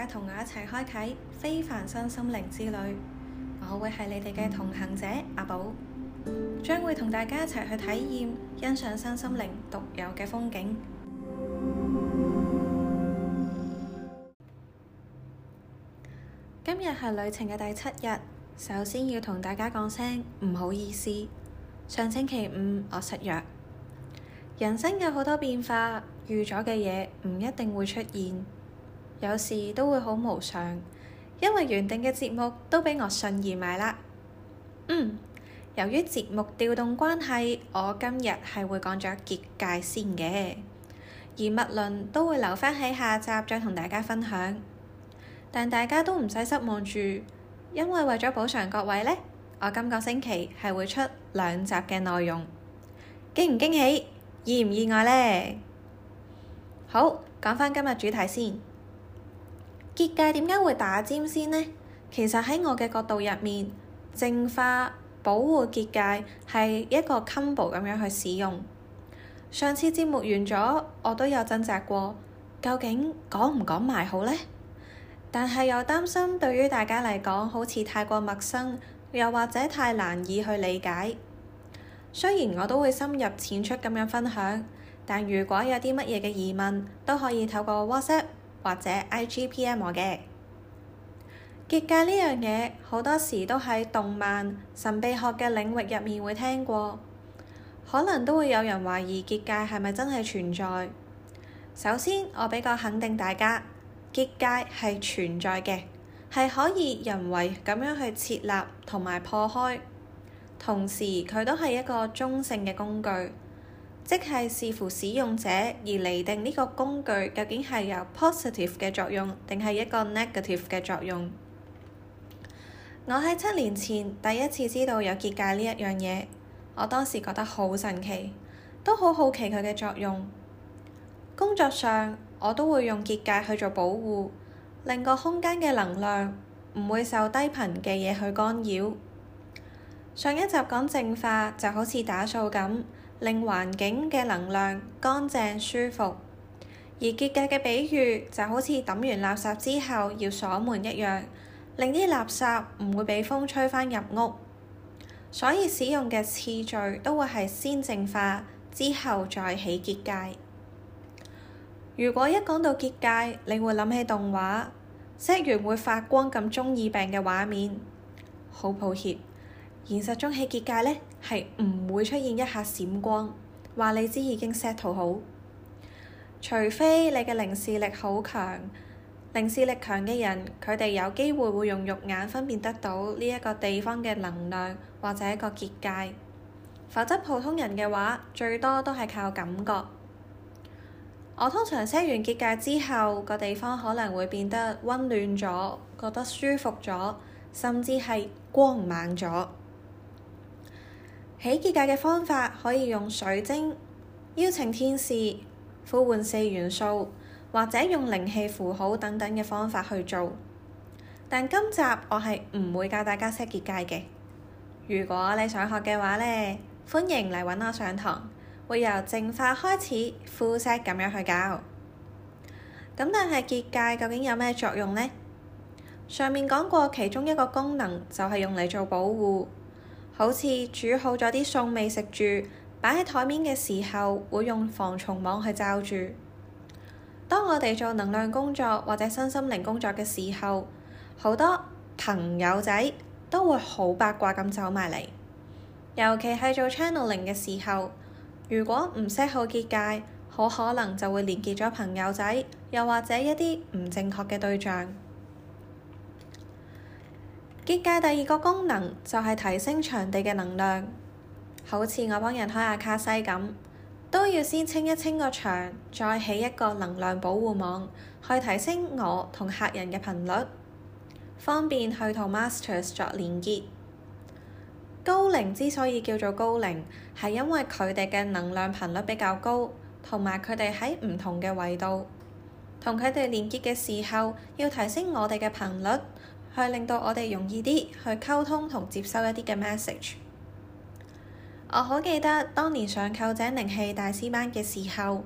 大家同我一齊開啟非凡身心靈之旅，我會係你哋嘅同行者阿寶，將會同大家一齊去體驗欣賞身心靈獨有嘅風景。今日係旅程嘅第七日，首先要同大家講聲唔好意思，上星期五我失約。人生有好多變化，預咗嘅嘢唔一定會出現。有時都會好無常，因為原定嘅節目都畀我順延埋啦。嗯，由於節目調動關係，我今日係會講咗結界先嘅，而物論都會留翻喺下集再同大家分享。但大家都唔使失望住，因為為咗補償各位呢，我今個星期係會出兩集嘅內容，驚唔驚喜？意唔意外呢？好，講翻今日主題先。結界點解會打尖先呢？其實喺我嘅角度入面，淨化保護結界係一個 combo 咁樣去使用。上次節目完咗，我都有掙扎過，究竟講唔講埋好呢？但係又擔心對於大家嚟講好似太過陌生，又或者太難以去理解。雖然我都會深入淺出咁樣分享，但如果有啲乜嘢嘅疑問，都可以透過 WhatsApp。或者 IGPM 嘅結界呢樣嘢，好多時都喺動漫、神秘學嘅領域入面會聽過，可能都會有人懷疑結界係咪真係存在。首先，我比較肯定大家，結界係存在嘅，係可以人為咁樣去設立同埋破開，同時佢都係一個中性嘅工具。即係視乎使用者而釐定呢個工具究竟係有 positive 嘅作用，定係一個 negative 嘅作用。我喺七年前第一次知道有結界呢一樣嘢，我當時覺得好神奇，都好好奇佢嘅作用。工作上我都會用結界去做保護，令個空間嘅能量唔會受低頻嘅嘢去干擾。上一集講淨化就好似打掃咁。令環境嘅能量乾淨舒服，而結界嘅比喻就好似抌完垃圾之後要鎖門一樣，令啲垃圾唔會俾風吹返入屋。所以使用嘅次序都會係先淨化，之後再起結界。如果一講到結界，你會諗起動畫石完會發光咁中二病嘅畫面，好抱歉。現實中，起結界呢，係唔會出現一下閃光，話你知已經 set 好。除非你嘅凝視力好強，凝視力強嘅人佢哋有機會會用肉眼分辨得到呢一個地方嘅能量或者一個結界。否則普通人嘅話，最多都係靠感覺。我通常 set 完結界之後，個地方可能會變得温暖咗，覺得舒服咗，甚至係光猛咗。起結界嘅方法可以用水晶、邀請天使、呼喚四元素或者用靈氣符號等等嘅方法去做。但今集我係唔會教大家識結界嘅。如果你想學嘅話咧，歡迎嚟揾我上堂，會由淨化開始 full set 咁樣去搞。咁但係結界究竟有咩作用咧？上面講過，其中一個功能就係用嚟做保護。好似煮好咗啲餸未食住，擺喺台面嘅時候會用防蟲網去罩住。當我哋做能量工作或者身心靈工作嘅時候，好多朋友仔都會好八卦咁走埋嚟。尤其係做 channeling 嘅時候，如果唔 set 好結界，好可能就會連結咗朋友仔，又或者一啲唔正確嘅對象。結界第二個功能就係提升場地嘅能量，好似我幫人開阿卡西咁，都要先清一清個場，再起一個能量保護網，去提升我同客人嘅頻率，方便去同 masters 作連結。高靈之所以叫做高靈，係因為佢哋嘅能量頻率比較高，同埋佢哋喺唔同嘅維度，同佢哋連結嘅時候要提升我哋嘅頻率。去令到我哋容易啲去溝通同接收一啲嘅 message。我好記得當年上臼井靈氣大師班嘅時候，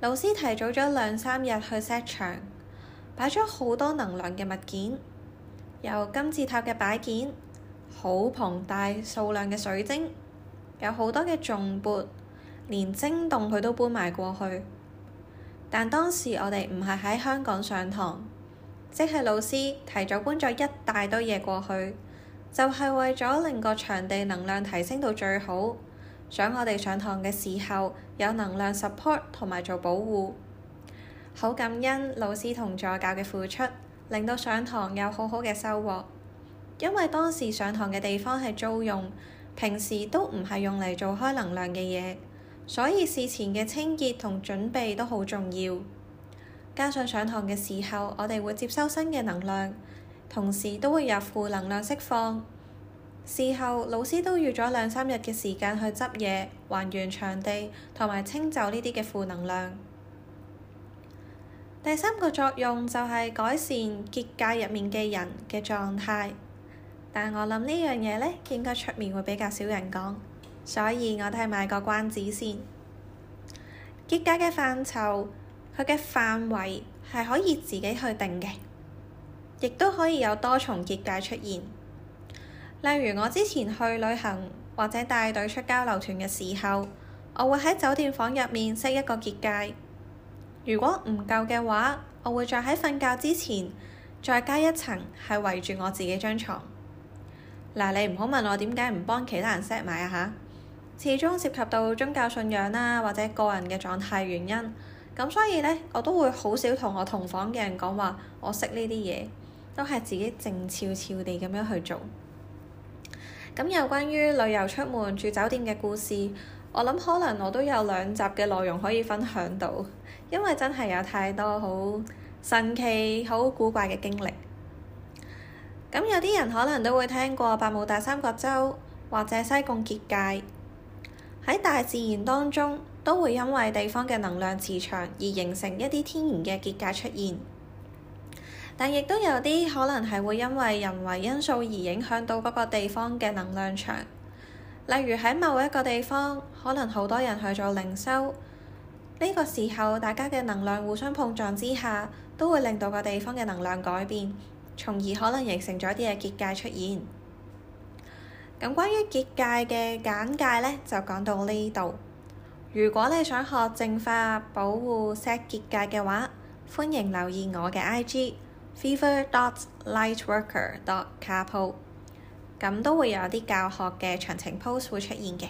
老師提早咗兩三日去 set 場，擺咗好多能量嘅物件，由金字塔嘅擺件，好龐大數量嘅水晶，有好多嘅頌缽，連晶洞佢都搬埋過去。但當時我哋唔係喺香港上堂。即係老師提早搬咗一大堆嘢過去，就係為咗令個場地能量提升到最好，想我哋上堂嘅時候有能量 support 同埋做保護。好感恩老師同助教嘅付出，令到上堂有好好嘅收穫。因為當時上堂嘅地方係租用，平時都唔係用嚟做開能量嘅嘢，所以事前嘅清潔同準備都好重要。加上上堂嘅時候，我哋會接收新嘅能量，同時都會有負能量釋放。事後老師都預咗兩三日嘅時間去執嘢、還原場地同埋清走呢啲嘅負能量。第三個作用就係改善結界入面嘅人嘅狀態。但我諗呢樣嘢呢，應該出面會比較少人講，所以我都係買個關子先。結界嘅範疇。佢嘅範圍係可以自己去定嘅，亦都可以有多重結界出現。例如我之前去旅行或者帶隊出交流團嘅時候，我會喺酒店房入面 set 一個結界。如果唔夠嘅話，我會再喺瞓覺之前再加一層，係圍住我自己張床。嗱，你唔好問我點解唔幫其他人 set 埋啊！嚇，始終涉及到宗教信仰啦、啊，或者個人嘅狀態原因。咁所以咧，我都會好少同我同房嘅人講話，我識呢啲嘢，都係自己靜悄悄地咁樣去做。咁有關於旅遊出門住酒店嘅故事，我諗可能我都有兩集嘅內容可以分享到，因為真係有太多好神奇、好古怪嘅經歷。咁有啲人可能都會聽過百慕大三角洲或者西貢結界。喺大自然當中，都會因為地方嘅能量磁場而形成一啲天然嘅結界出現。但亦都有啲可能係會因為人為因素而影響到嗰個地方嘅能量場。例如喺某一個地方，可能好多人去做靈修，呢個時候大家嘅能量互相碰撞之下，都會令到個地方嘅能量改變，從而可能形成咗一啲嘅結界出現。咁關於結界嘅簡介呢，就講到呢度。如果你想學淨化保護 set 結界嘅話，歡迎留意我嘅 I G fever dot lightworker dot capo，咁都會有啲教學嘅詳情 post 會出現嘅。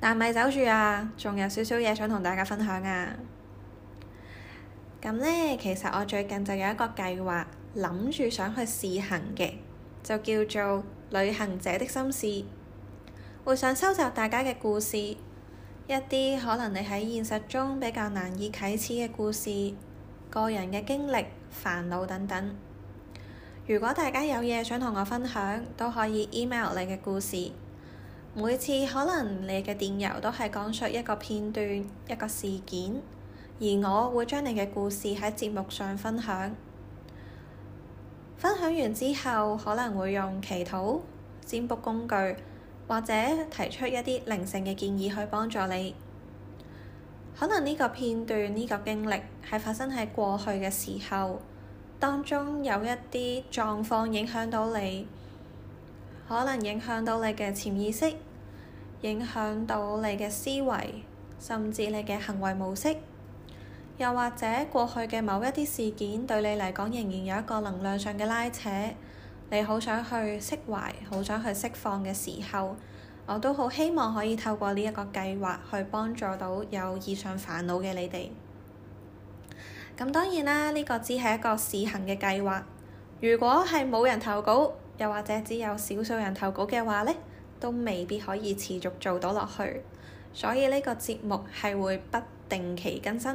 但咪走住啊，仲有少少嘢想同大家分享啊。咁呢，其實我最近就有一個計劃，諗住想去試行嘅，就叫做～旅行者的心事，會想收集大家嘅故事，一啲可能你喺現實中比較難以啟齒嘅故事，個人嘅經歷、煩惱等等。如果大家有嘢想同我分享，都可以 email 你嘅故事。每次可能你嘅電郵都係講述一個片段、一個事件，而我會將你嘅故事喺節目上分享。分享完之後，可能會用祈禱、占卜工具，或者提出一啲靈性嘅建議去幫助你。可能呢個片段、呢個經歷係發生喺過去嘅時候，當中有一啲狀況影響到你，可能影響到你嘅潛意識，影響到你嘅思維，甚至你嘅行為模式。又或者過去嘅某一啲事件對你嚟講，仍然有一個能量上嘅拉扯，你好想去釋懷，好想去釋放嘅時候，我都好希望可以透過呢一個計劃去幫助到有以上煩惱嘅你哋。咁當然啦，呢個只係一個試行嘅計劃。如果係冇人投稿，又或者只有少數人投稿嘅話呢，都未必可以持續做到落去。所以呢個節目係會不定期更新。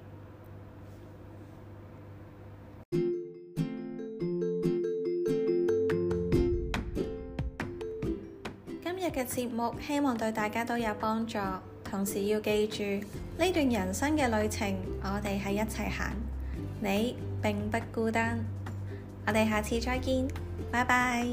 今日嘅節目，希望對大家都有幫助。同時要記住，呢段人生嘅旅程，我哋喺一齊行，你並不孤單。我哋下次再見，拜拜。